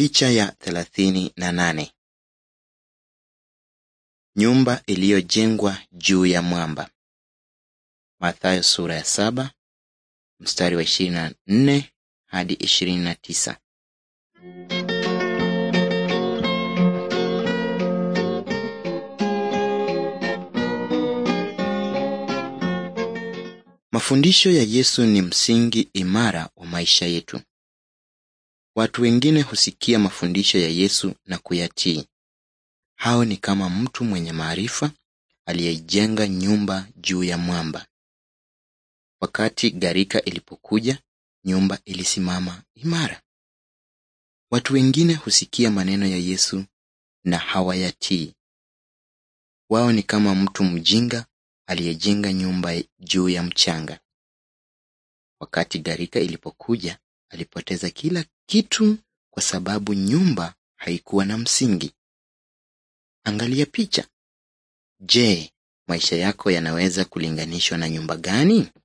Picha ya thelathini na nane. Nyumba iliyojengwa juu ya mwamba. Mathayo sura ya saba mstari wa ishirini na nne hadi ishirini na tisa. Mafundisho ya Yesu ni msingi imara wa maisha yetu. Watu wengine husikia mafundisho ya Yesu na kuyatii. Hao ni kama mtu mwenye maarifa aliyeijenga nyumba juu ya mwamba. Wakati gharika ilipokuja, nyumba ilisimama imara. Watu wengine husikia maneno ya Yesu na hawayatii. Wao ni kama mtu mjinga aliyejenga nyumba juu ya mchanga. Wakati gharika ilipokuja, Alipoteza kila kitu kwa sababu nyumba haikuwa na msingi. Angalia picha. Je, maisha yako yanaweza kulinganishwa na nyumba gani?